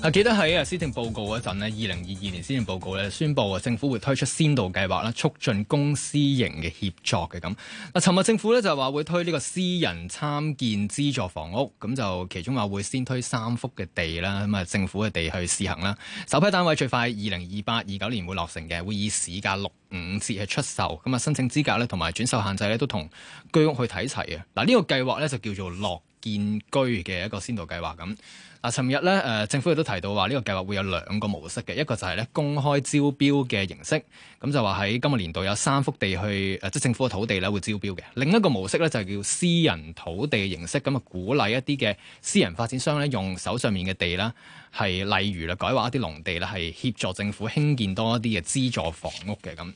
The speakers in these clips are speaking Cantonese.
啊！記得喺啊，施政報告嗰陣咧，二零二二年施政報告咧，宣布啊，政府會推出先導計劃啦，促進公私營嘅協作嘅咁。嗱，尋日政府咧就話會推呢個私人參建資助房屋，咁就其中話會先推三幅嘅地啦，咁啊政府嘅地去試行啦。首批單位最快二零二八、二九年會落成嘅，會以市價六五折去出售。咁啊，申請資格咧同埋轉售限制咧都同居屋去睇齊啊，嗱，呢個計劃咧就叫做落建居嘅一個先導計劃咁，嗱、嗯，尋日咧，誒、呃，政府亦都提到話呢個計劃會有兩個模式嘅，一個就係咧公開招標嘅形式，咁就話喺今個年，年度有三幅地去，即、呃、政府嘅土地咧會招標嘅。另一個模式咧就叫私人土地嘅形式，咁啊鼓勵一啲嘅私人發展商咧用手上面嘅地啦，係例如啦，改劃一啲農地啦，係協助政府興建多一啲嘅資助房屋嘅咁。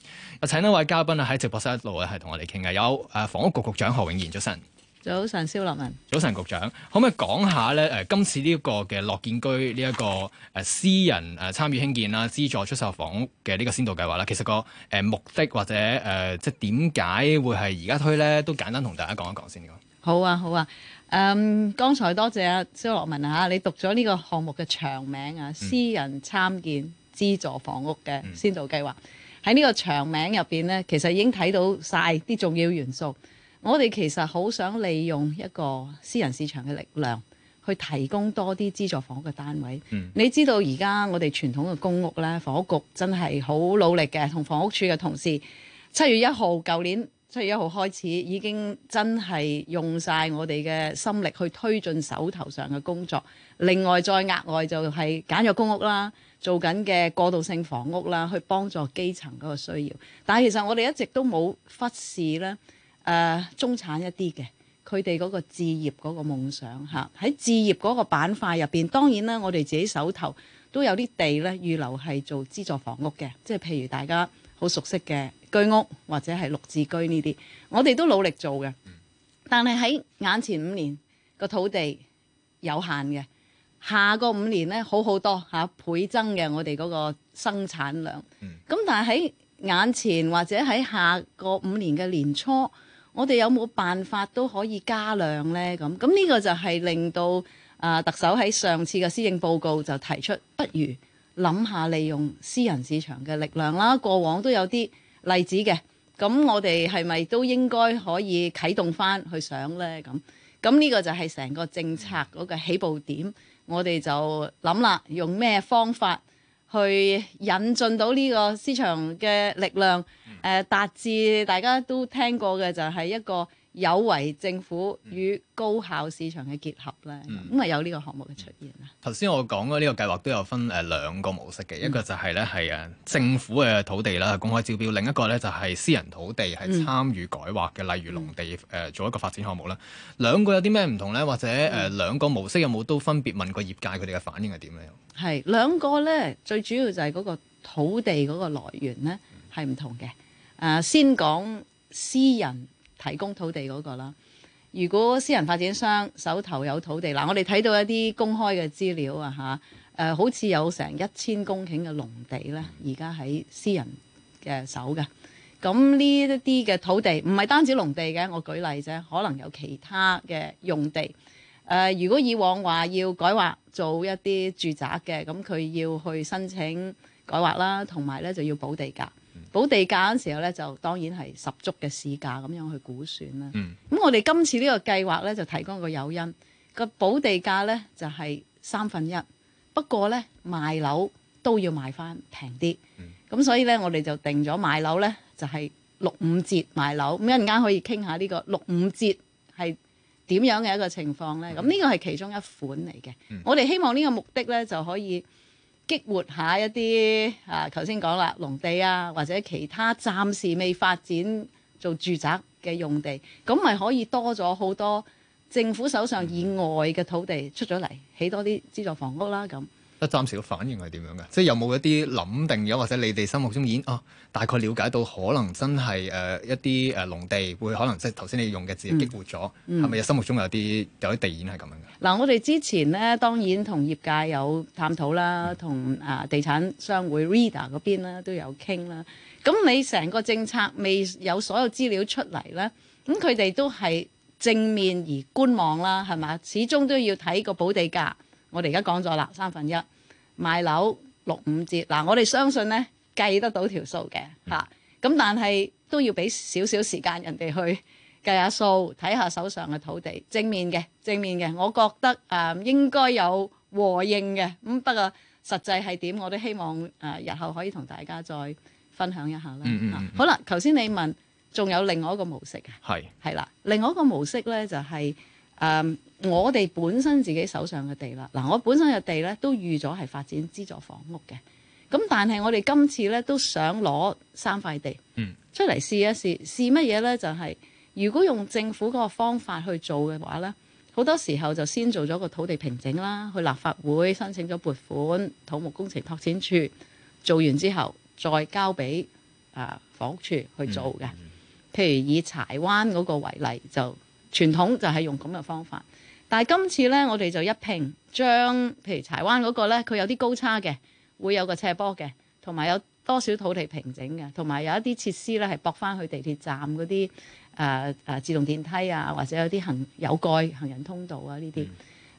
請一位嘉賓啊喺直播室一路咧係同我哋傾偈，有誒房屋局局長何永賢早晨。早晨，蕭樂文。早晨，局長，可唔可以講下咧？誒、呃，今次呢一個嘅樂建居呢、這、一個誒、呃、私人誒參與興建啦，資助出售房屋嘅呢個先導計劃啦，其實、那個誒、呃、目的或者誒、呃、即係點解會係而家推咧，都簡單同大家講一講先。好啊，好啊。誒、嗯，剛才多謝阿蕭樂文吓你讀咗呢個項目嘅長名啊，私人參建資助房屋嘅先導計劃。喺、嗯、呢個長名入邊咧，其實已經睇到晒啲重要元素。我哋其實好想利用一個私人市場嘅力量，去提供多啲資助房屋嘅單位。嗯、你知道而家我哋傳統嘅公屋咧，房屋局真係好努力嘅，同房屋處嘅同事七月一號，舊年七月一號開始已經真係用晒我哋嘅心力去推進手頭上嘅工作。另外再額外就係簡咗公屋簡約公屋啦，做緊嘅過渡性房屋啦，去幫助基層嗰個需要。但係其實我哋一直都冇忽視咧。誒、呃、中產一啲嘅，佢哋嗰個置業嗰個夢想嚇，喺、啊、置業嗰個板塊入邊，當然啦，我哋自己手頭都有啲地咧，預留係做資助房屋嘅，即係譬如大家好熟悉嘅居屋或者係綠置居呢啲，我哋都努力做嘅。但係喺眼前五年個土地有限嘅，下個五年咧好好多嚇、啊、倍增嘅我哋嗰個生產量。咁、嗯、但係喺眼前或者喺下個五年嘅年初。我哋有冇辦法都可以加量呢？咁咁呢個就係令到啊特首喺上次嘅施政報告就提出，不如諗下利用私人市場嘅力量啦。過往都有啲例子嘅，咁我哋係咪都應該可以啟動翻去想呢？咁咁呢個就係成個政策嗰個起步點，我哋就諗啦，用咩方法？去引進到呢個市場嘅力量，誒，達至大家都聽過嘅就係一個，有為政府與高效市場嘅結合咧，咁啊、嗯、有呢個項目嘅出現啦。頭先我講嘅呢個計劃都有分誒兩個模式嘅，嗯、一個就係咧係誒政府嘅土地啦，公開招標；另一個咧就係、是、私人土地係參與改劃嘅，嗯、例如農地誒、呃、做一個發展項目啦。兩個有啲咩唔同咧？或者誒兩、嗯、個模式有冇都分別問過業界佢哋嘅反應係點咧？係兩個咧，最主要就係嗰個土地嗰個來源咧係唔同嘅。誒、呃，先講私人。提供土地嗰個啦，如果私人發展商手頭有土地，嗱，我哋睇到一啲公開嘅資料啊吓，誒好似有成一千公頃嘅農地咧，而家喺私人嘅手㗎，咁呢一啲嘅土地唔係單止農地嘅，我舉例啫，可能有其他嘅用地。誒，如果以往話要改劃做一啲住宅嘅，咁佢要去申請改劃啦，同埋咧就要補地價。保地價嗰時候咧，就當然係十足嘅市價咁樣去估算啦。咁、嗯、我哋今次呢個計劃咧，就提供個誘因個保地價咧就係、是、三分一，不過咧賣樓都要賣翻平啲。咁、嗯、所以咧，我哋就定咗賣樓咧就係六五折賣樓。咁一陣間可以傾下呢個六五折係點樣嘅一個情況咧。咁呢、嗯、個係其中一款嚟嘅。嗯、我哋希望呢個目的咧就可以。激活下一啲啊，頭先講啦，農地啊，或者其他暫時未發展做住宅嘅用地，咁咪可以多咗好多政府手上以外嘅土地出咗嚟，起多啲資助房屋啦咁。一暫時嘅反應係點樣嘅？即係有冇一啲諗定咗，或者你哋心目中已經啊、哦，大概了解到可能真係誒、呃、一啲誒農地會可能即係頭先你用嘅字激活咗，係咪有心目中有啲有啲地已經係咁樣嘅？嗱、嗯嗯，我哋之前咧當然同業界有探討啦，同啊、呃、地產商會 REDA 嗰邊咧都有傾啦。咁你成個政策未有所有資料出嚟咧，咁佢哋都係正面而觀望啦，係咪？始終都要睇個保地價。我哋而家講咗啦，三分一買樓六五折。嗱，我哋相信呢計得到條數嘅嚇，咁但係都要俾少少時間人哋去計下數，睇下手上嘅土地正面嘅正面嘅，我覺得啊應該有和應嘅。咁不過實際係點，我都希望誒日後可以同大家再分享一下啦。嗯嗯。好啦，頭先你問仲有另外一個模式嘅係，係啦，另外一個模式呢就係誒。我哋本身自己手上嘅地啦，嗱，我本身嘅地咧都預咗係發展資助房屋嘅。咁但係我哋今次咧都想攞三塊地出嚟試一試，試乜嘢咧？就係、是、如果用政府嗰個方法去做嘅話咧，好多時候就先做咗個土地平整啦，去立法會申請咗撥款，土木工程拓展處做完之後再交俾啊、呃、房屋處去做嘅。譬如以柴灣嗰個為例，就傳統就係用咁嘅方法。但係今次咧，我哋就一併將，譬如柴灣嗰個咧，佢有啲高差嘅，會有個斜坡嘅，同埋有多少土地平整嘅，同埋有一啲設施咧係駁翻去地鐵站嗰啲誒誒自動電梯啊，或者有啲行有蓋行人通道啊呢啲。誒、嗯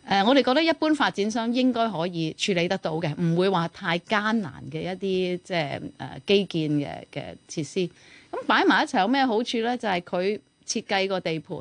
呃，我哋覺得一般發展商應該可以處理得到嘅，唔會話太艱難嘅一啲即係誒基建嘅嘅設施。咁擺埋一齊有咩好處咧？就係、係、佢設計個地盤。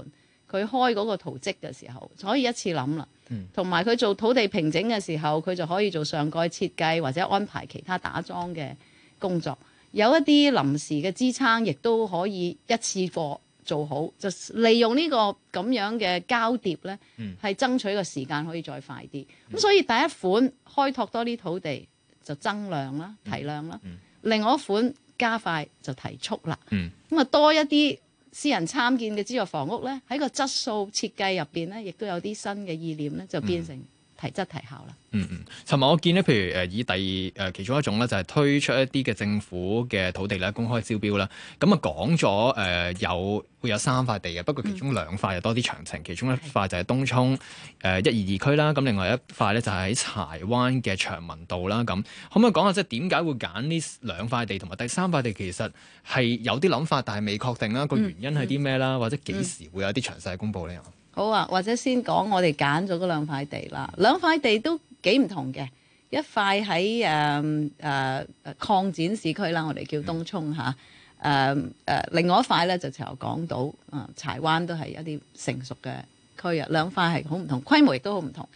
佢開嗰個圖則嘅時候，就可以一次諗啦。同埋佢做土地平整嘅時候，佢就可以做上蓋設計或者安排其他打樁嘅工作。有一啲臨時嘅支撐，亦都可以一次過做好。就利用呢個咁樣嘅交疊呢，係、嗯、爭取個時間可以再快啲。咁、嗯、所以第一款開拓多啲土地就增量啦、嗯、提量啦。嗯嗯、另外一款加快就提速啦。咁啊、嗯、多一啲。私人參建嘅資助房屋呢，喺個質素設計入邊呢，亦都有啲新嘅意念呢，就變成，嗯係質提效啦。嗯嗯，尋日，我見咧，譬如誒，以第誒、呃、其中一種咧，就係、是、推出一啲嘅政府嘅土地咧，公開招標啦。咁啊，講咗誒有會有三塊地嘅，不過其中兩塊就多啲詳情，嗯、其中一塊就係東涌誒一二二區啦。咁、呃、另外一塊咧就喺柴灣嘅祥民道啦。咁可唔可以講下即係點解會揀呢兩塊地，同埋第三塊地其實係有啲諗法，但係未確定啦。個原因係啲咩啦？嗯嗯、或者幾時會有啲詳細公佈咧？好啊，或者先講我哋揀咗嗰兩塊地啦，兩塊地都幾唔同嘅。一塊喺誒誒誒擴展市區啦，我哋叫東涌嚇誒誒。另外一塊咧就朝頭港島啊柴灣，都係一啲成熟嘅區啊。兩塊係好唔同，規模亦都好唔同。誒、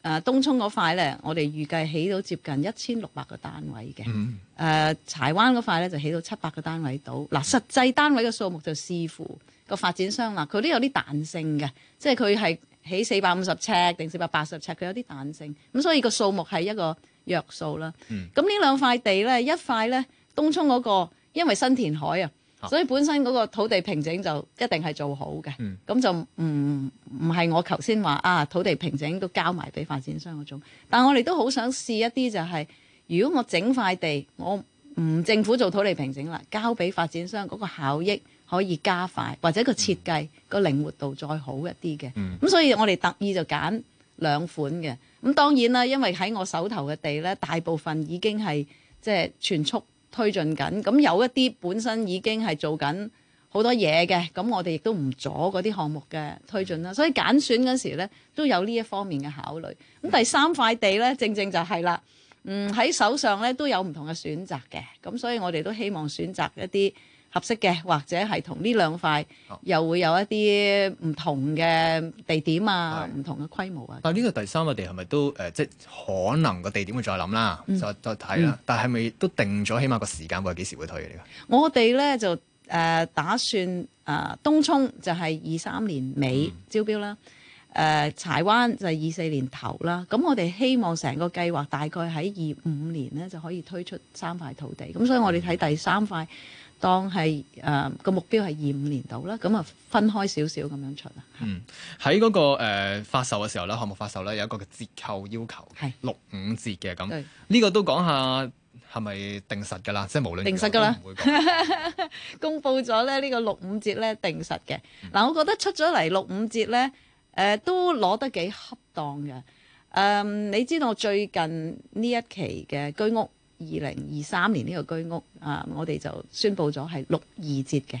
呃、誒東涌嗰塊咧，我哋預計起到接近一千六百個單位嘅。誒、嗯呃、柴灣嗰塊咧就起到七百個單位度。嗱、啊，實際單位嘅數目就視乎。個發展商啦，佢都有啲彈性嘅，即係佢係起四百五十尺定四百八十尺，佢有啲彈性，咁所以個數目係一個約數啦。咁呢、嗯、兩塊地呢，一塊呢東涌嗰、嗰個，因為新填海啊，所以本身嗰個土地平整就一定係做好嘅，咁、嗯、就唔唔係我頭先話啊土地平整都交埋俾發展商嗰種。但係我哋都好想試一啲、就係，就係如果我整塊地，我唔政府做土地平整啦，交俾發展商嗰個效益。可以加快或者個設計個、嗯、靈活度再好一啲嘅，咁、嗯、所以我哋特意就揀兩款嘅。咁當然啦，因為喺我手頭嘅地咧，大部分已經係即係全速推進緊。咁有一啲本身已經係做緊好多嘢嘅，咁我哋亦都唔阻嗰啲項目嘅推進啦。所以揀選嗰時咧都有呢一方面嘅考慮。咁第三塊地咧，正正就係啦，嗯喺手上咧都有唔同嘅選擇嘅。咁所以我哋都希望選擇一啲。合適嘅，或者係同呢兩塊又會有一啲唔同嘅地點啊，唔、啊、同嘅規模啊。但係呢個第三個地係咪都誒、呃，即係可能個地點會再諗啦，再再睇啦。嗯、但係咪都定咗？起碼個時間會係幾時會推嚟㗎？我哋咧就誒、呃、打算誒、呃、東涌就係二三年尾招標啦，誒、嗯呃、柴灣就係二四年頭啦。咁我哋希望成個計劃大概喺二五年咧就可以推出三塊土地。咁所以我哋睇第三塊。嗯當係誒個目標係二五年度啦，咁啊分開少少咁樣出啊。嗯，喺嗰、那個誒、呃、發售嘅時候咧，項目發售咧有一個折扣要求，是六五折嘅咁，呢個都講下係咪定實嘅啦？對即係無論定實嘅啦， 公布咗咧呢個六五折咧定實嘅。嗱、嗯，我覺得出咗嚟六五折咧，誒、呃、都攞得幾恰當嘅。誒、呃，你知道我最近呢一期嘅居屋。二零二三年呢個居屋啊，uh, 我哋就宣布咗係六二折嘅。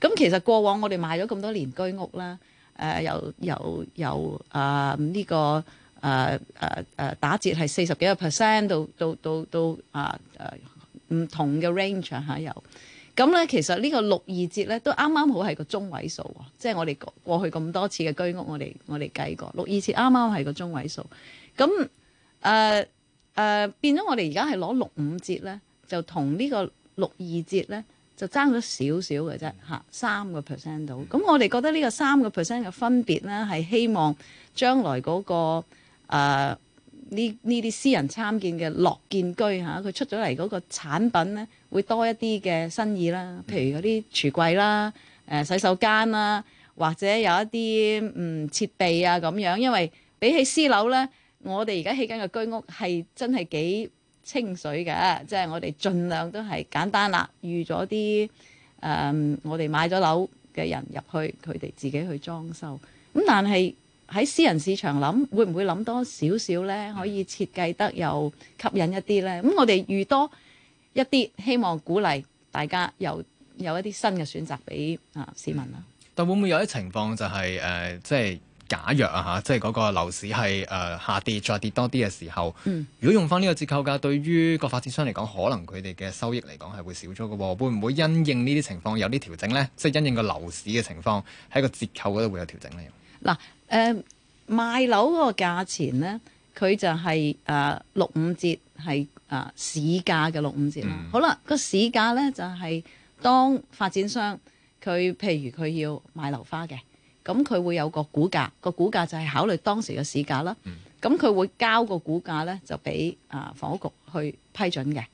咁其實過往我哋買咗咁多年居屋啦，誒、uh,，有有有啊呢個誒誒誒打折係四十幾個 percent 到到到到啊誒唔同嘅 range 嚇、uh, 有。咁咧其實呢個六二折咧都啱啱好係個中位數喎，即係我哋過去咁多次嘅居屋，我哋我哋計過六二折啱啱係個中位數。咁、就、誒、是。誒、呃、變咗，我哋而家係攞六五折咧，就同呢個六二折咧，就爭咗少少嘅啫，嚇三個 percent 到。咁我哋覺得呢個三個 percent 嘅分別咧，係希望將來嗰、那個呢呢啲私人參建嘅樂建居嚇，佢、啊、出咗嚟嗰個產品咧，會多一啲嘅新意啦，譬如嗰啲廚櫃啦、誒、呃、洗手間啦，或者有一啲嗯設備啊咁樣，因為比起私樓咧。我哋而家起緊嘅居屋係真係幾清水嘅，即係我哋盡量都係簡單啦。預咗啲誒，我哋買咗樓嘅人入去，佢哋自己去裝修。咁但係喺私人市場諗，會唔會諗多少少咧？可以設計得又吸引一啲咧？咁我哋預多一啲，希望鼓勵大家又有，有一啲新嘅選擇俾啊市民啊、嗯。但會唔會有啲情況就係、誒，即係？假若啊嚇，即係嗰個樓市係誒、呃、下跌再下跌多啲嘅時候，嗯、如果用翻呢個折扣價，對於個發展商嚟講，可能佢哋嘅收益嚟講係會少咗嘅、啊，會唔會因應呢啲情況有啲調整咧？即、就、係、是、因應個樓市嘅情況喺個折扣嗰度會有調整咧？嗱誒、啊呃，賣樓嗰個價錢咧，佢就係、是、誒、呃、六五折係誒市價嘅六五折啦。嗯、好啦，個市價咧就係、是、當發展商佢譬如佢要賣樓花嘅。咁佢會有個估價，嗰個估價就係考慮當時嘅市價啦。咁佢、嗯、會交個估價呢，就俾啊、呃、房屋局去批准嘅。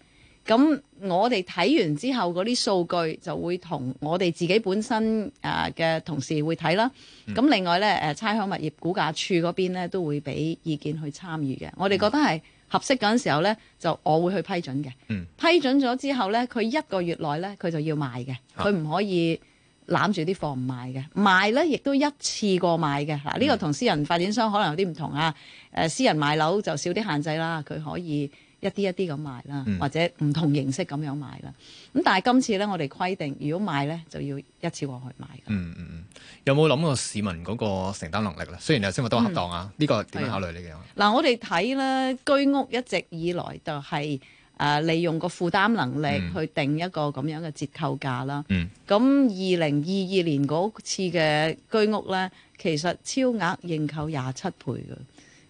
咁我哋睇完之後，嗰啲數據就會同我哋自己本身啊嘅、呃、同事會睇啦。咁、嗯、另外呢，誒差餉物業估價處嗰邊咧，都會俾意見去參與嘅。我哋覺得係合適嗰陣時候呢，就我會去批准嘅。嗯、批准咗之後呢，佢一個月內呢，佢就要賣嘅，佢唔可以。攬住啲貨唔賣嘅，賣咧亦都一次過賣嘅。嗱、啊、呢、這個同私人發展商可能有啲唔同啊。誒、呃、私人賣樓就少啲限制啦，佢可以一啲一啲咁賣啦，嗯、或者唔同形式咁樣賣啦。咁、啊、但係今次咧，我哋規定如果賣咧就要一次過去賣㗎。嗯嗯嗯，有冇諗過市民嗰個承擔能力咧？雖然頭先話都恰當啊，呢、嗯、個點考慮你呢嘅？嗱、啊，我哋睇咧居屋一直以來就係。誒利用個負擔能力去定一個咁樣嘅折扣價啦。咁二零二二年嗰次嘅居屋咧，其實超額認購廿七倍嘅，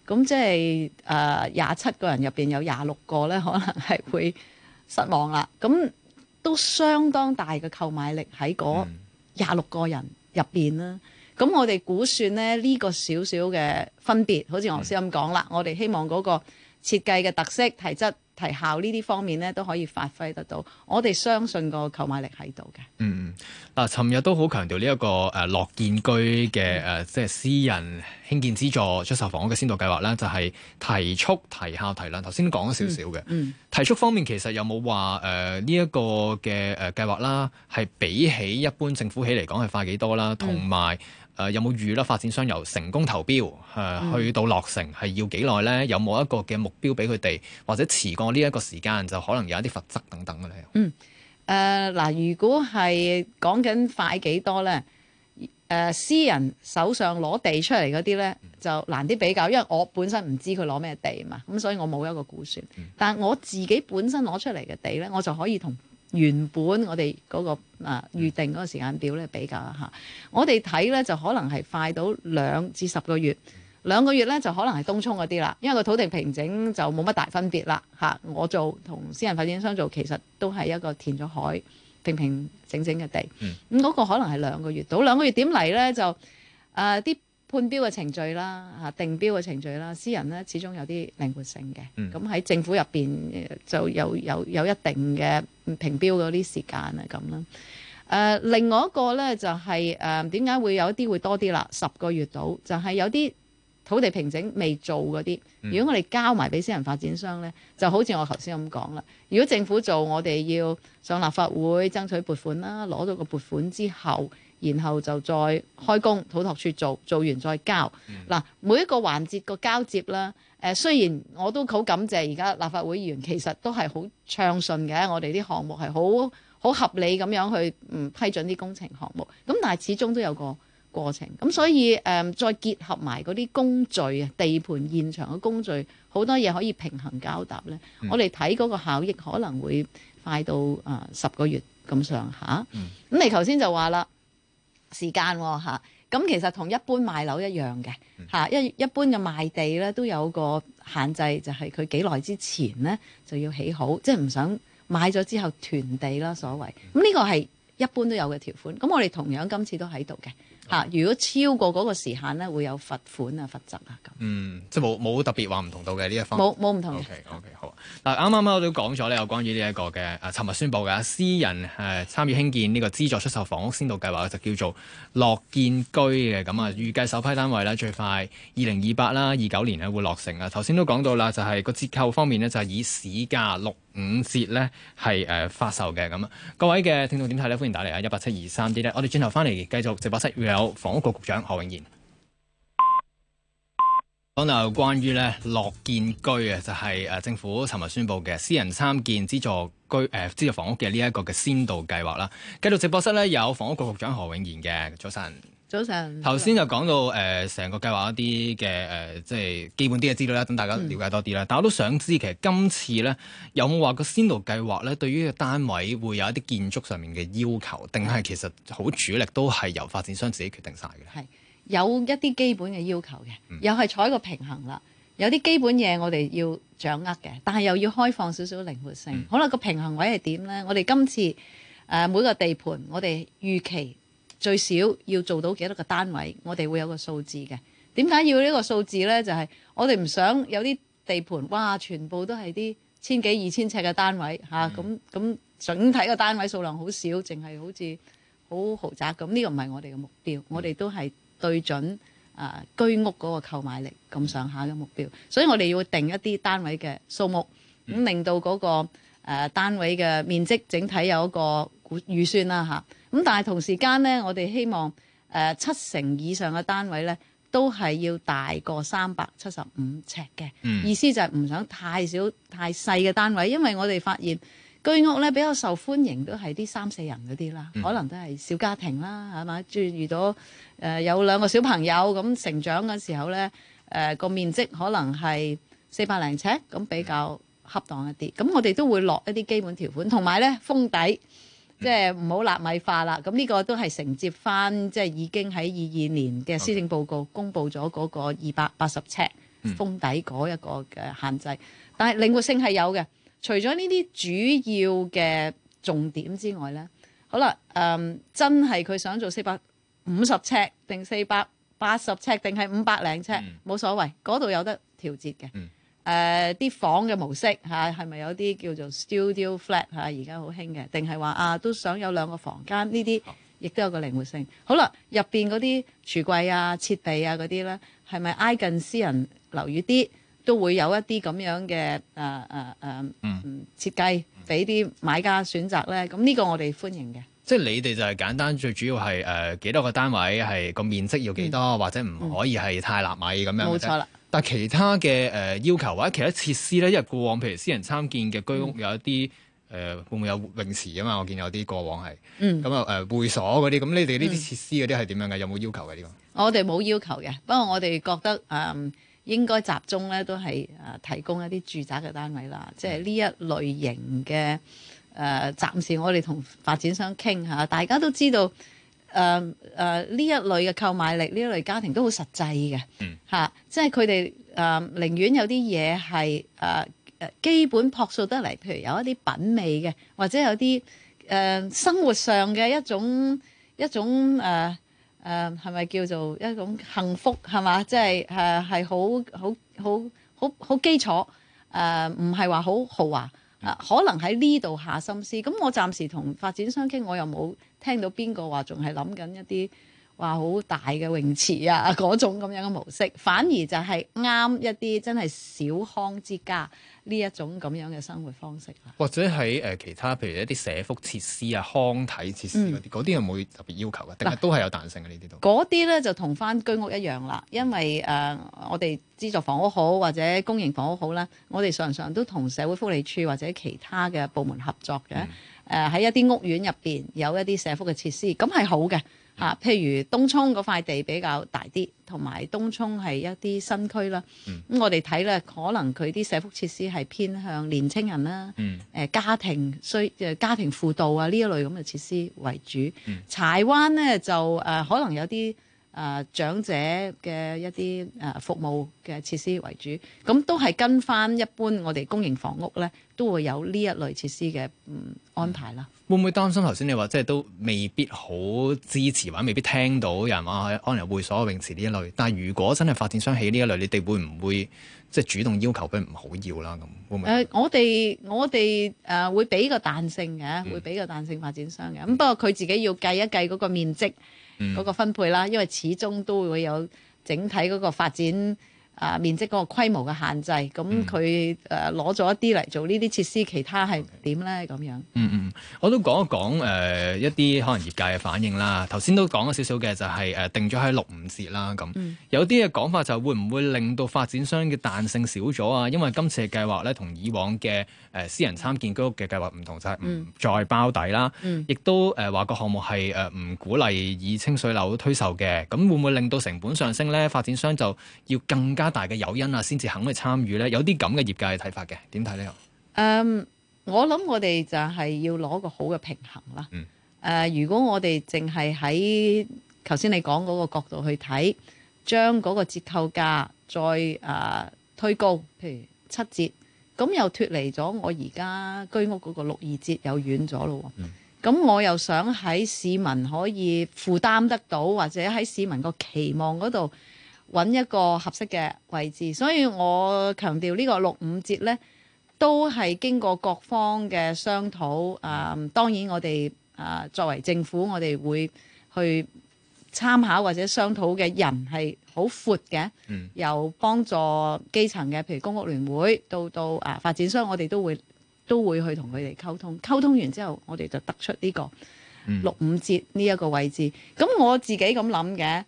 咁即係誒廿七個人入邊有廿六個咧，可能係會失望啦。咁都相當大嘅購買力喺嗰廿六個人入邊啦。咁 我哋估算咧呢、呢個少少嘅分別，好似我頭先咁講啦。 我哋希望嗰個設計嘅特色、體質。提效呢啲方面咧都可以發揮得到，我哋相信個購買力喺度嘅。嗯嗯，嗱，尋日都好強調呢一個誒樂建居嘅誒、嗯呃、即係私人興建資助出售房屋嘅先導計劃啦，就係、是、提速提提、提效、提量。頭先講咗少少嘅。嗯，提速方面其實有冇話誒呢一個嘅誒計劃啦，係比起一般政府起嚟講係快幾多啦，同埋、嗯。嗯誒、呃、有冇預啦？發展商由成功投標誒、呃、去到落成係要幾耐咧？有冇一個嘅目標俾佢哋，或者遲過呢一個時間就可能有一啲罰則等等嘅咧？嗯誒嗱、呃，如果係講緊快幾多咧？誒、呃、私人手上攞地出嚟嗰啲咧，就難啲比較，因為我本身唔知佢攞咩地嘛，咁所以我冇一個估算。嗯、但係我自己本身攞出嚟嘅地咧，我就可以同。原本我哋嗰、那個啊預定嗰個時間表咧比較下、啊、我哋睇咧就可能係快到兩至十個月，兩個月咧就可能係東涌嗰啲啦，因為個土地平整就冇乜大分別啦嚇、啊。我做同私人發展商做其實都係一個填咗海平平整整嘅地，咁嗰、嗯、個可能係兩個月到兩個月點嚟咧就誒啲。啊判標嘅程序啦，嚇、啊、定標嘅程序啦，私人咧始終有啲靈活性嘅。咁喺、嗯、政府入邊就有有有一定嘅評標嗰啲時間啊咁啦。誒、呃，另外一個咧就係誒點解會有啲會多啲啦？十個月到就係、是、有啲土地平整未做嗰啲。嗯、如果我哋交埋俾私人發展商咧，就好似我頭先咁講啦。如果政府做，我哋要上立法會爭取撥款啦，攞咗個撥款之後。然後就再開工，土托處做，做完再交。嗱，每一個環節個交接啦，誒、呃，雖然我都好感謝而家立法會議員，其實都係好暢順嘅。我哋啲項目係好好合理咁樣去嗯批准啲工程項目。咁但係始終都有個過程。咁、嗯、所以誒、呃，再結合埋嗰啲工序啊、地盤現場嘅工序，好多嘢可以平衡交搭咧。嗯、我哋睇嗰個效益可能會快到啊、呃、十個月咁上下。咁、啊嗯、你頭先就話啦。時間喎、哦、咁、啊嗯、其實同一般賣樓一樣嘅嚇、啊，一一般嘅賣地咧都有個限制，就係佢幾耐之前咧就要起好，即係唔想買咗之後囤地啦，所謂。咁呢個係。嗯嗯一般都有嘅條款，咁我哋同樣今次都喺度嘅嚇。如果超過嗰個時限咧，會有罰款啊、罰則啊咁。嗯，即係冇冇特別話唔同到嘅呢一方。冇冇唔同。O K O K，好。嗱，啱、啊、啱我都講咗咧，有關於呢一個嘅啊，尋日宣布嘅私人誒、啊、參與興建呢個資助出售房屋先導計劃，就叫做落建居樂建居嘅。咁啊，預計首批單位咧，最快二零二八啦、二九年咧會落成啊。頭先都講到啦，就係、是、個折扣方面呢，就係、是、以市價六五折咧，係誒、呃、發售嘅咁啊，各位嘅聽眾點睇咧？歡迎打嚟啊！一八七二三 D 咧，我哋轉頭翻嚟繼續直播室，會有房屋局局長何永賢，講就 關於咧樂建居啊，就係、是、誒、呃、政府尋日宣布嘅私人參建資助居誒、呃、資助房屋嘅呢一個嘅先導計劃啦。繼續直播室咧，有房屋局局長何永賢嘅早晨。早晨。頭先就講到誒成、呃、個計劃一啲嘅誒，即係基本啲嘅資料啦，等大家了解多啲啦。嗯、但我都想知，其實今次呢，有冇話個先導計劃呢？對於個單位會有一啲建築上面嘅要求，定係其實好主力都係由發展商自己決定晒嘅咧？係有一啲基本嘅要求嘅，又係採個平衡啦。有啲基本嘢我哋要掌握嘅，但係又要開放少少靈活性。嗯、好啦，個平衡位係點呢？我哋今次誒、呃、每個地盤，我哋預期，最少要做到幾多個單位，我哋會有個數字嘅。點解要呢個數字咧？就係、是、我哋唔想有啲地盤哇，全部都係啲千幾二千尺嘅單位，吓、啊、咁、嗯、咁、嗯嗯、整體嘅單位數量好少，淨係好似好豪宅咁。呢、這個唔係我哋嘅目標，嗯、我哋都係對準啊、呃、居屋嗰個購買力咁上下嘅目標，所以我哋要定一啲單位嘅數目，咁、嗯嗯嗯、令到嗰、那個誒、呃、單位嘅面積整體有一個預預算啦。吓、啊。啊咁但係同時間咧，我哋希望誒、呃、七成以上嘅單位咧，都係要大過三百七十五尺嘅。嗯、意思就係唔想太少太細嘅單位，因為我哋發現居屋咧比較受歡迎都係啲三四人嗰啲啦，嗯、可能都係小家庭啦，係咪？再遇到誒、呃、有兩個小朋友咁成長嘅時候咧，誒、呃、個面積可能係四百零尺，咁比較恰當一啲。咁、嗯、我哋都會落一啲基本條款，同埋咧封底。嗯、即係唔好納米化啦，咁呢個都係承接翻，即係已經喺二二年嘅施政報告 Okay. 公布咗嗰個二百八十尺封底嗰一個嘅限制，但係靈活性係有嘅。除咗呢啲主要嘅重點之外咧，好啦，嗯，真係佢想做四百五十尺定四百八十尺定係五百零尺冇所謂，嗰度有得調節嘅。嗯誒啲、呃、房嘅模式嚇係咪有啲叫做 studio flat 嚇而家好興嘅？定係話啊都想有兩個房間呢啲，亦都有個靈活性。啊、好啦，入邊嗰啲櫥櫃啊、設備啊嗰啲咧，係咪挨近私人樓宇啲，都會有一啲咁樣嘅誒誒誒嗯設計俾啲買家選擇咧？咁呢個我哋歡迎嘅。即係你哋就係簡單最主要係誒幾多個單位係個面積要幾多，或者唔可以係太納米咁樣。冇、嗯、錯啦。但其他嘅誒、呃、要求或者其他設施咧，因為過往譬如私人參建嘅居屋有一啲誒會唔會有泳池啊嘛？我見有啲過往係，咁啊誒會所嗰啲，咁你哋呢啲設施嗰啲係點樣嘅？有冇要求嘅呢個？我哋冇要求嘅，不過我哋覺得誒、呃、應該集中咧都係誒提供一啲住宅嘅單位啦，即係呢一類型嘅誒、呃、暫時我哋同發展商傾下，大家都知道。誒誒呢一類嘅購買力，呢一類家庭都好實際嘅，嚇、嗯啊，即係佢哋誒寧願有啲嘢係誒誒基本樸素得嚟，譬如有一啲品味嘅，或者有啲誒、呃、生活上嘅一種一種誒誒係咪叫做一種幸福係嘛？即係誒係好好好好好基礎誒，唔係話好豪華。可能喺呢度下心思，咁我暫時同發展商傾，我又冇聽到邊個話仲係諗緊一啲話好大嘅泳池啊嗰種咁樣嘅模式，反而就係啱一啲真係小康之家。呢一種咁樣嘅生活方式啊，或者喺誒其他譬如一啲社福設施啊、康體設施嗰啲，嗰啲、嗯、有冇特別要求嘅？定係都係有彈性嘅、啊、呢啲都？嗰啲咧就同返居屋一樣啦，因為誒、呃、我哋資助房屋好或者公營房屋好啦，我哋常常都同社會福利署或者其他嘅部門合作嘅誒，喺、嗯呃、一啲屋苑入邊有一啲社福嘅設施，咁係好嘅。啊，譬如東涌嗰塊地比較大啲，同埋東涌係一啲新區啦。咁、嗯嗯、我哋睇咧，可能佢啲社福設施係偏向年青人啦，誒、嗯呃、家庭需誒家庭輔導啊呢一類咁嘅設施為主。嗯、柴灣咧就誒、呃、可能有啲。誒、呃、長者嘅一啲誒、呃、服務嘅設施為主，咁、嗯、都係跟翻一般我哋公營房屋咧，都會有呢一類設施嘅、嗯、安排啦。嗯、會唔會擔心頭先你話即係都未必好支持或者未必聽到人話可能會所泳池呢一類？但係如果真係發展商起呢一類，你哋會唔會即係主動要求佢唔好要啦？咁會唔會？誒、呃，我哋我哋誒、呃、會俾個彈性嘅，嗯、會俾個彈性發展商嘅。咁不過佢自己要計一計嗰個面積。嗰個分配啦，嗯、因為始終都會有整體嗰個發展。啊，面積嗰個規模嘅限制，咁佢誒攞咗一啲嚟做呢啲設施，其他係點咧？咁樣嗯嗯，我都講一講誒、呃、一啲可能業界嘅反應啦。頭先都講咗少少嘅，就是，就係誒定咗喺六五折啦。咁有啲嘅講法就會唔會令到發展商嘅彈性少咗啊？因為今次嘅計劃咧，同以往嘅誒、呃、私人參建居屋嘅計劃唔同，就係、是、唔再包底啦。亦、嗯嗯、都誒話個項目係誒唔鼓勵以清水樓推售嘅，咁會唔會令到成本上升咧？發展商，商就要更加。加大嘅誘因啊，先至肯去參與呢，有啲咁嘅業界嘅睇法嘅，點睇呢？誒，我諗我哋就係要攞個好嘅平衡啦。誒、呃，如果我哋淨係喺頭先你講嗰個角度去睇，將嗰個折扣價再誒、呃、推高，譬如七折，咁又脱離咗我而家居屋嗰個六二折又遠，又遠咗咯喎。咁我又想喺市民可以負擔得到，或者喺市民個期望嗰度。揾一個合適嘅位置，所以我強調呢個六五折呢都係經過各方嘅商討。啊、嗯，當然我哋啊、呃、作為政府，我哋會去參考或者商討嘅人係好闊嘅，嗯、由又幫助基層嘅，譬如公屋聯會到到啊發展商，我哋都會都會去同佢哋溝通。溝通完之後，我哋就得出呢個六五折呢一個位置。咁、嗯、我自己咁諗嘅。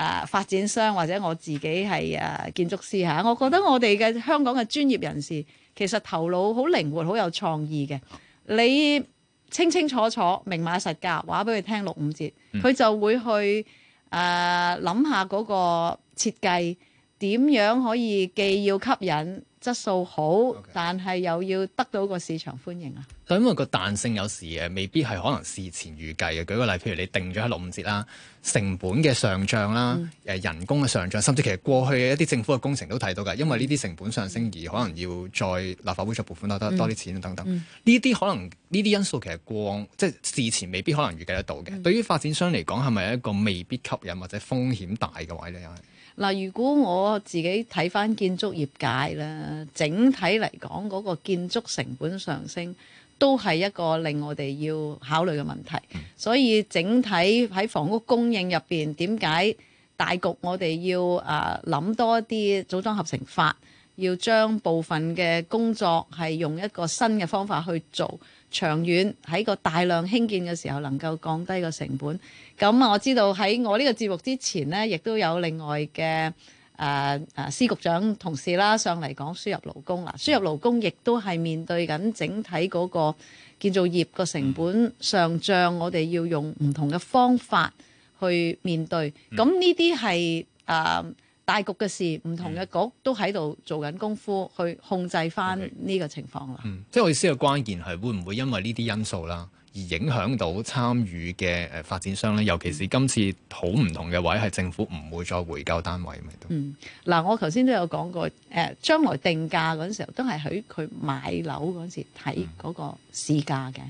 啊！發展商或者我自己係啊建築師嚇、啊，我覺得我哋嘅香港嘅專業人士其實頭腦好靈活，好有創意嘅。你清清楚楚、明碼實價話俾佢聽六五折，佢就會去啊諗下嗰個設計點樣可以既要吸引。質素好，Okay. 但係又要得到個市場歡迎啊！因為個彈性有時誒，未必係可能事前預計嘅。舉個例，譬如你定咗喺六五折啦，成本嘅上漲啦，誒、嗯、人工嘅上漲，甚至其實過去嘅一啲政府嘅工程都睇到㗎，因為呢啲成本上升而可能要再立法會再撥款多得、嗯、多啲錢等等。呢啲可能呢啲因素其實過往即係事前未必可能預計得到嘅。嗯、對於發展商嚟講，係咪一個未必吸引或者風險大嘅位咧？又係？嗱，如果我自己睇翻建築業界啦，整體嚟講嗰個建築成本上升都係一個令我哋要考慮嘅問題，所以整體喺房屋供應入邊，點解大局我哋要啊諗多一啲組裝合成法，要將部分嘅工作係用一個新嘅方法去做。長遠喺個大量興建嘅時候，能夠降低個成本。咁啊，我知道喺我呢個節目之前呢，亦都有另外嘅誒誒司局長同事啦上嚟講輸入勞工啦。輸入勞工亦都係面對緊整體嗰個建造業個成本，嗯、上漲，我哋要用唔同嘅方法去面對。咁呢啲係誒。呃大局嘅事，唔同嘅局都喺度做緊功夫去控制翻呢 Okay. 個情況啦。嗯，即係我意思嘅關鍵係會唔會因為呢啲因素啦，而影響到參與嘅誒發展商咧，嗯、尤其是今次好唔同嘅位係政府唔會再回購單位咪都。嗯，嗱、就是嗯，我頭先都有講過誒、呃、將來定價嗰陣時候都係喺佢買樓嗰陣時睇嗰個市價嘅，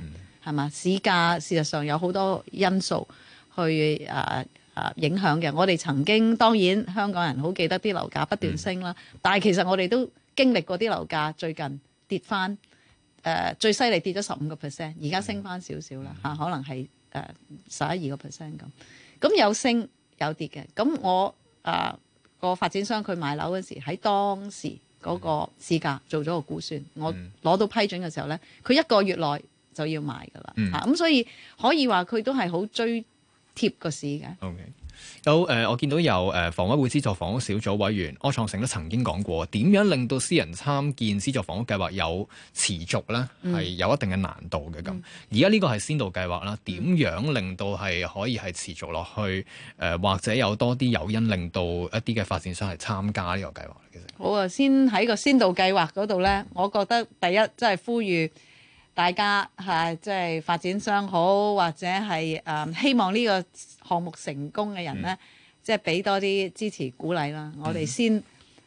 係嘛？嗯嗯？市價事實上有好多因素去誒。呃啊、影響嘅，我哋曾經當然香港人好記得啲樓價不斷升啦，嗯、但係其實我哋都經歷過啲樓價最近跌翻，誒、呃、最犀利跌咗十五個 percent，而家升翻少少啦嚇，可能係誒十一二個 percent 咁，咁、呃、有升有跌嘅，咁我誒個、呃、發展商佢買樓嗰時喺當時嗰個市價做咗個估算，嗯、我攞到批准嘅時候咧，佢一個月內就要賣㗎啦嚇，咁、嗯啊、所以可以話佢都係好追。貼個市有誒，我見到有誒房委會資助房屋小組委員柯創成都曾經講過，點樣令到私人參建資助房屋計劃有持續咧，係、mm. 有一定嘅難度嘅咁。而家呢個係先導計劃啦，點、mm. 樣令到係可以係持續落去？誒、uh,，mm. 或者有多啲誘因令到一啲嘅發展商係參加呢個計劃。其實，好啊，先喺個先導計劃嗰度咧，我覺得第一即係呼籲。大家係，即、啊、係、就是、發展商好，或者係誒、呃、希望呢個項目成功嘅人咧，嗯、即係俾多啲支持鼓勵啦。嗯、我哋先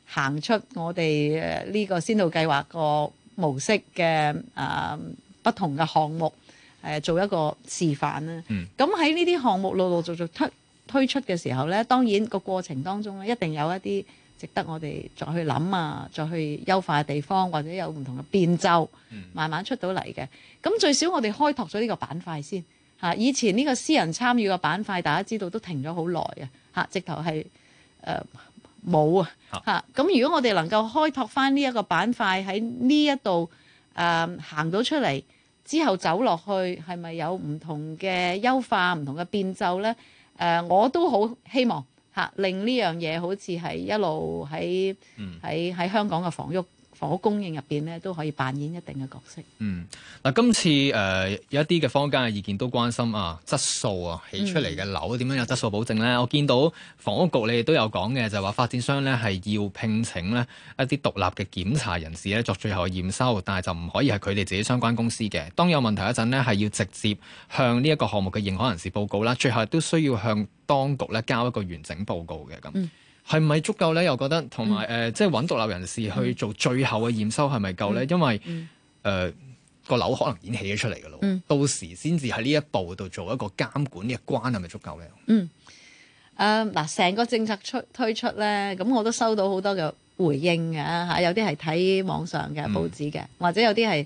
行出我哋呢個先導計劃個模式嘅誒、呃、不同嘅項目誒、呃，做一個示範啦。咁喺呢啲項目陸陸續續推推出嘅時候咧，當然個過程當中咧，一定有一啲。值得我哋再去諗啊，再去優化嘅地方，或者有唔同嘅變奏，慢慢出到嚟嘅。咁最少我哋開拓咗呢個板塊先吓，以前呢個私人參與嘅板塊大家知道都停咗好耐啊吓，直頭係誒冇啊吓。咁如果我哋能夠開拓翻呢一個板塊喺呢一度誒行到出嚟之後走落去，係咪有唔同嘅優化、唔同嘅變奏咧？誒、呃，我都好希望。吓令呢樣嘢好似係一路喺喺喺香港嘅房屋。可供應入邊咧，都可以扮演一定嘅角色。嗯，嗱，今次誒有一啲嘅坊間嘅意見都關心啊，質素啊，起出嚟嘅樓點樣有質素保證呢？嗯、我見到房屋局你哋都有講嘅，就話、係、發展商咧係要聘請咧一啲獨立嘅檢查人士咧作最後驗收，但係就唔可以係佢哋自己相關公司嘅。當有問題嗰陣咧，係要直接向呢一個項目嘅認可人士報告啦，最後都需要向當局咧交一個完整報告嘅咁。係咪足夠咧？又覺得同埋誒，即係揾獨立人士去做最後嘅驗收是是，係咪夠咧？因為誒、嗯呃，那個樓可能已經起咗出嚟嘅咯，嗯、到時先至喺呢一步度做一個監管嘅關，係咪足夠咧？嗯，誒、呃、嗱，成個政策出推出咧，咁我都收到好多嘅回應嘅嚇，有啲係睇網上嘅報紙嘅，嗯、或者有啲係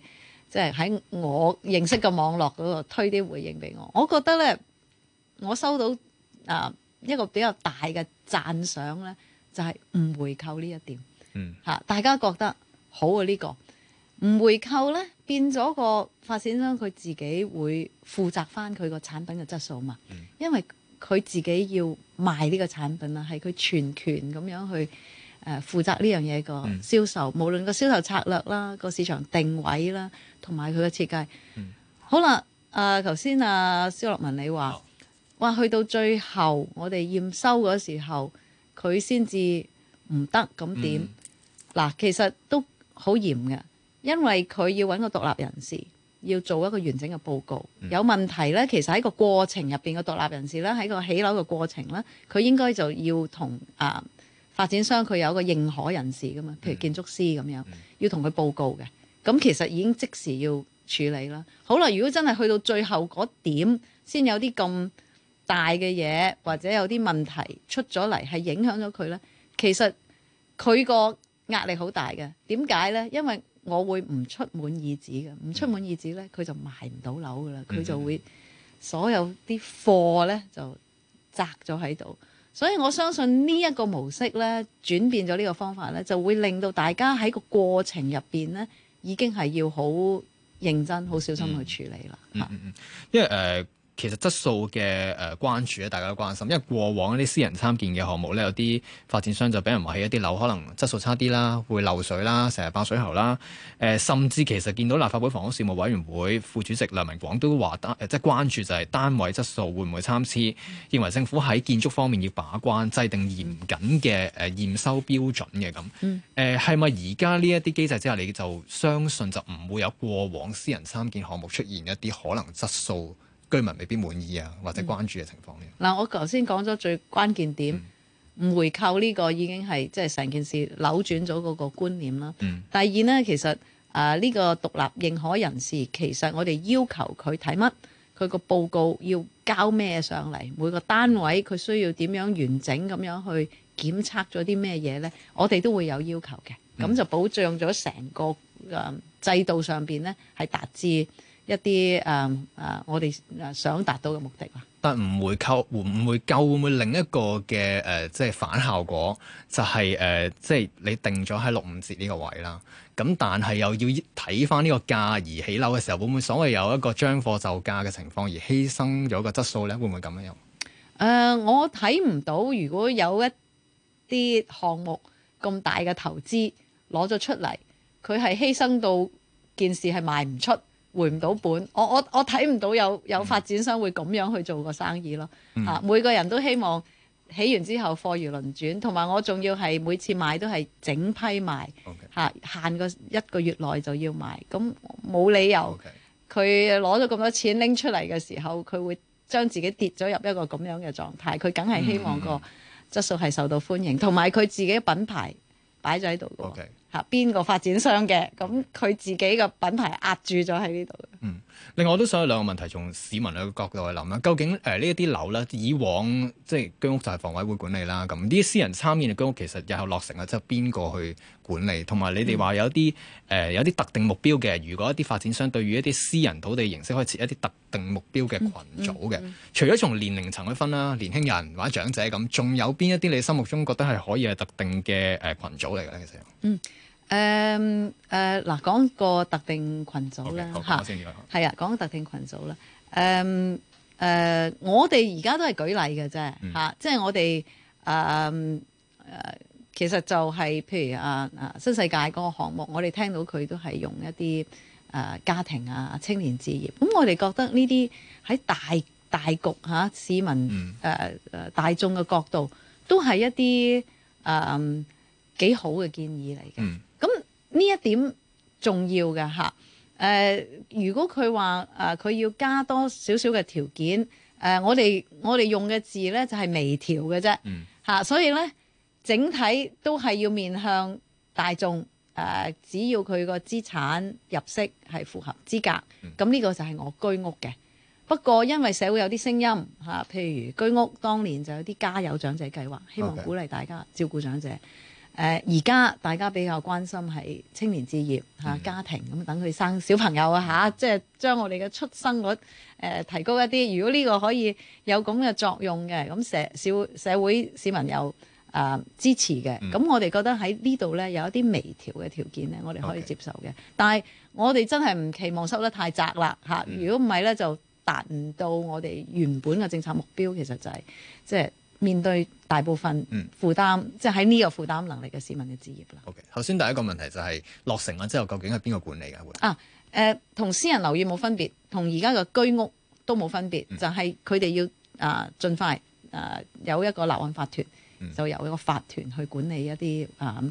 即係喺我認識嘅網絡嗰度推啲回應俾我。我覺得咧，我收到啊。啊啊啊一個比較大嘅讚賞咧，就係、是、唔回購呢一點嚇，嗯、大家覺得好啊呢、這個唔回購咧，變咗個發展商佢自己會負責返佢個產品嘅質素嘛，嗯、因為佢自己要賣呢個產品啊，係佢全權咁樣去誒、呃、負責呢樣嘢個銷售，嗯、無論個銷售策略啦、個市場定位啦，同埋佢嘅設計。嗯、好啦，啊頭先啊蕭立文你話。哇！去到最後，我哋驗收嗰時候，佢先至唔得咁點。嗱，mm hmm. 其實都好嚴嘅，因為佢要搵個獨立人士要做一個完整嘅報告。Mm hmm. 有問題咧，其實喺個過程入邊，個獨立人士咧喺個起樓嘅過程咧，佢應該就要同啊發展商佢有一個認可人士㗎嘛，譬如建築師咁樣，mm hmm. 要同佢報告嘅。咁其實已經即時要處理啦。好啦，如果真係去到最後嗰點先有啲咁。大嘅嘢或者有啲問題出咗嚟，係影響咗佢咧。其實，佢個壓力好大嘅。點解咧？因為我會唔出滿意紙嘅，唔出滿意紙咧，佢就賣唔到樓噶啦。佢就會所有啲貨咧就積咗喺度。所以我相信呢一個模式咧轉變咗呢個方法咧，就會令到大家喺個過程入邊咧已經係要好認真、好小心去處理啦、嗯。嗯，嗯，嗯，因為誒。Uh, 其實質素嘅誒關注咧，大家都關心，因為過往一啲私人參建嘅項目咧，有啲發展商就俾人話起一啲樓可能質素差啲啦，會漏水啦，成日爆水喉啦。誒、呃，甚至其實見到立法會房屋事務委員會副主席梁文廣都話、呃、即係關注就係單位質素會唔會參差，嗯、認為政府喺建築方面要把關，制定嚴謹嘅誒驗收標準嘅咁。誒係咪而家呢一啲機制之下，你就相信就唔會有過往私人參建項目出現一啲可能質素？居民未必滿意啊，或者關注嘅情況、嗯。嗱、嗯嗯，我頭先講咗最關鍵點，唔、嗯、回購呢個已經係即係成件事扭轉咗嗰個觀念啦。第二呢，其實啊呢、呢個獨立認可人士，其實我哋要求佢睇乜，佢個報告要交咩上嚟，每個單位佢需要點樣完整咁樣去檢測咗啲咩嘢咧，我哋都會有要求嘅，咁、嗯、就保障咗成個誒、呃、制度上邊咧係達至。一啲誒誒，我哋想達到嘅目的啦，但唔會夠，會唔會夠？會唔會另一個嘅誒、呃，即係反效果，就係誒，即係你定咗喺六五折呢個位啦。咁但係又要睇返呢個價而起樓嘅時候，會唔會所謂有一個將貨就價嘅情況，而犧牲咗個質素咧？會唔會咁樣樣？誒、呃，我睇唔到。如果有一啲項目咁大嘅投資攞咗出嚟，佢係犧牲到件事係賣唔出，回唔到本，我我我睇唔到有有發展商會咁樣去做個生意咯。嚇、嗯啊。每個人都希望起完之後貨如輪轉，同埋我仲要係每次買都係整批買嚇 Okay.、啊，限個一個月內就要買。咁冇理由佢攞咗咁多錢拎出嚟嘅時候，佢會將自己跌咗入一個咁樣嘅狀態。佢梗係希望個質素係受到歡迎，同埋佢自己嘅品牌擺咗喺度。邊個發展商嘅？咁佢自己個品牌壓住咗喺呢度。嗯，另外我都想有兩個問題，從市民嘅角度去諗啦。究竟誒呢啲樓咧，以往即係居屋就係房委會管理啦，咁呢啲私人參建嘅居屋，其實日後落成啊，即係邊個去管理？同埋你哋話有啲誒、嗯呃、有啲特定目標嘅，如果一啲發展商對於一啲私人土地形式可以設一啲特定目標嘅群組嘅，嗯嗯嗯、除咗從年齡層去分啦，年輕人或者長者咁，仲有邊一啲你心目中覺得係可以係特定嘅誒群組嚟嘅咧？其實嗯。誒誒嗱，講個、um, uh, 特定群組啦，吓，係啊，講特定群組啦。誒誒，我哋而家都係舉例嘅啫，吓，即係我哋、誒誒，uh, 其實就係、是、譬如啊啊，uh, uh, 新世界嗰個項目，我哋聽到佢都係用一啲誒、uh, 家庭啊、青年置業，咁我哋覺得呢啲喺大大局、吓、uh, 市民誒誒、uh, 嗯 uh, 大眾嘅角度，都係一啲誒幾好嘅建議嚟嘅。嗯呢一點重要嘅嚇，誒、呃、如果佢話誒佢要加多少少嘅條件，誒、呃、我哋我哋用嘅字咧就係、是、微調嘅啫嚇，嗯、所以咧整體都係要面向大眾誒、呃，只要佢個資產入息係符合資格，咁呢、嗯、個就係我居屋嘅。不過因為社會有啲聲音嚇，譬如居屋當年就有啲家有長者計劃，希望鼓勵大家照顧長者。Okay. 誒而家大家比較關心係青年置業嚇、啊、家庭咁等佢生小朋友啊嚇，即係將我哋嘅出生率誒、呃、提高一啲。如果呢個可以有咁嘅作用嘅，咁社社社會、社會市民有啊支持嘅，咁、嗯、我哋覺得喺呢度咧有一啲微調嘅條件咧，我哋可以接受嘅。Okay. 但係我哋真係唔期望收得太窄啦嚇。如果唔係咧，就達唔到我哋原本嘅政策目標。其實就係、是、即係。面對大部分負擔，嗯、即係喺呢個負擔能力嘅市民嘅置業啦。OK，頭先第一個問題就係、是、落成咗之後，究竟係邊個管理嘅？啊，誒、呃，同私人樓宇冇分別，同而家嘅居屋都冇分別，嗯、就係佢哋要啊，盡、呃、快啊、呃，有一個立案法團。就由一個法團去管理一啲啊，咁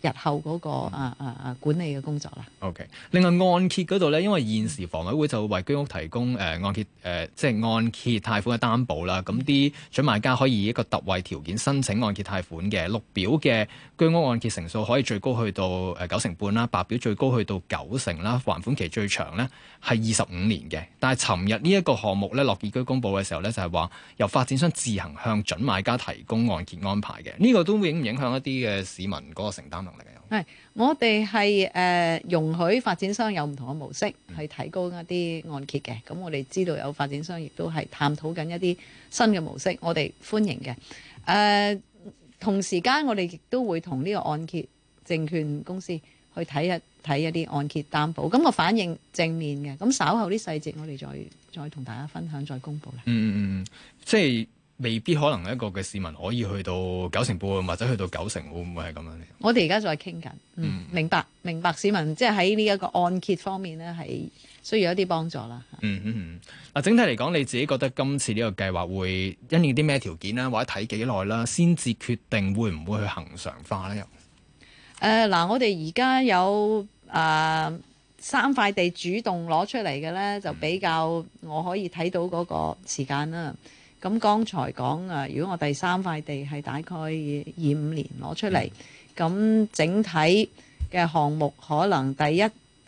日後嗰，那個、嗯、啊啊啊管理嘅工作啦。OK，另外按揭嗰度咧，因為現時房委會就為居屋提供誒、呃、按揭誒、呃，即係按揭貸款嘅擔保啦。咁啲準買家可以一個特惠條件申請按揭貸款嘅，綠表嘅居屋按揭成數可以最高去到誒九成半啦，白表最高去到九成啦，還款期最長咧係二十五年嘅。但係尋日項呢一個項目咧，樂建居公佈嘅時候咧，就係、是、話由發展商自行向準買家提供按揭。安排嘅呢、這個都會影唔影響一啲嘅市民嗰個承擔能力啊？係我哋係誒容許發展商有唔同嘅模式、嗯、去提高一啲按揭嘅。咁我哋知道有發展商亦都係探討緊一啲新嘅模式，我哋歡迎嘅。誒、呃，同時間我哋亦都會同呢個按揭證券公司去睇一睇一啲按揭擔保，咁、那個反應正面嘅。咁稍後啲細節我哋再再同大家分享，再公布啦。嗯嗯，即係。未必可能一個嘅市民可以去到九成半，或者去到九成，會唔會係咁樣？我哋而家再傾緊，嗯，明白，明白市民，即係喺呢一個按揭方面呢，係需要一啲幫助啦、嗯。嗯嗯嗯。嗱，整體嚟講，你自己覺得今次呢個計劃會因應啲咩條件咧，或者睇幾耐啦，先至決定會唔會去恒常化呢？又、呃，誒、呃、嗱，我哋而家有誒、呃、三塊地主動攞出嚟嘅呢，就比較我可以睇到嗰個時間啦。嗯呃咁剛才講啊，如果我第三塊地係大概二五年攞出嚟，咁、mm hmm. 整體嘅項目可能第一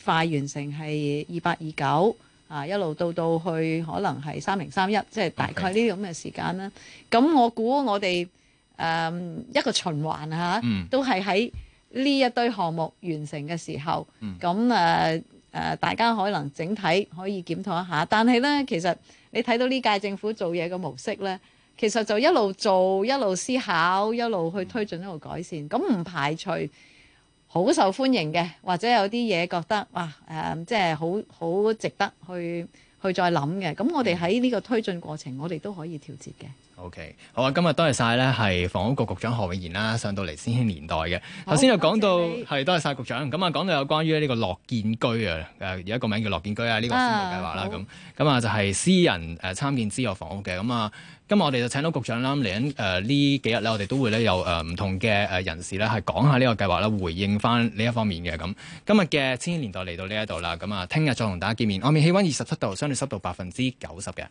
塊完成係二八二九啊，一路到到去可能係三零三一，即係大概呢啲咁嘅時間啦。咁 Okay. 我估我哋誒、呃、一個循環嚇，啊 mm hmm. 都係喺呢一堆項目完成嘅時候，咁誒誒，大家可能整體可以檢討一下，但係咧其實。你睇到呢屆政府做嘢嘅模式呢，其實就一路做，一路思考，一路去推進，一路改善。咁唔排除好受歡迎嘅，或者有啲嘢覺得，哇，誒、呃，即係好好值得去去再諗嘅，咁我哋喺呢個推進過程，我哋都可以調節嘅。O、okay, K，好啊，今日多謝晒咧，係房屋局局長何永賢啦，上到嚟先興年代嘅。頭先又講到，係多、oh, okay. 謝晒局長。咁啊，講到有關於呢個樂建居啊，誒有一個名叫樂建居啊，呢、這個先導計劃啦。咁、ah, 好，咁啊就係私人誒參建資助房屋嘅。咁啊。咁我哋就請到局長啦，嚟緊誒呢幾日咧，我哋都會咧有誒唔同嘅誒人士咧，係講下呢個計劃咧，回應翻呢一方面嘅咁。今日嘅千禧年代嚟到呢一度啦，咁啊，聽日再同大家見面。外面氣温二十七度，相對濕度百分之九十嘅。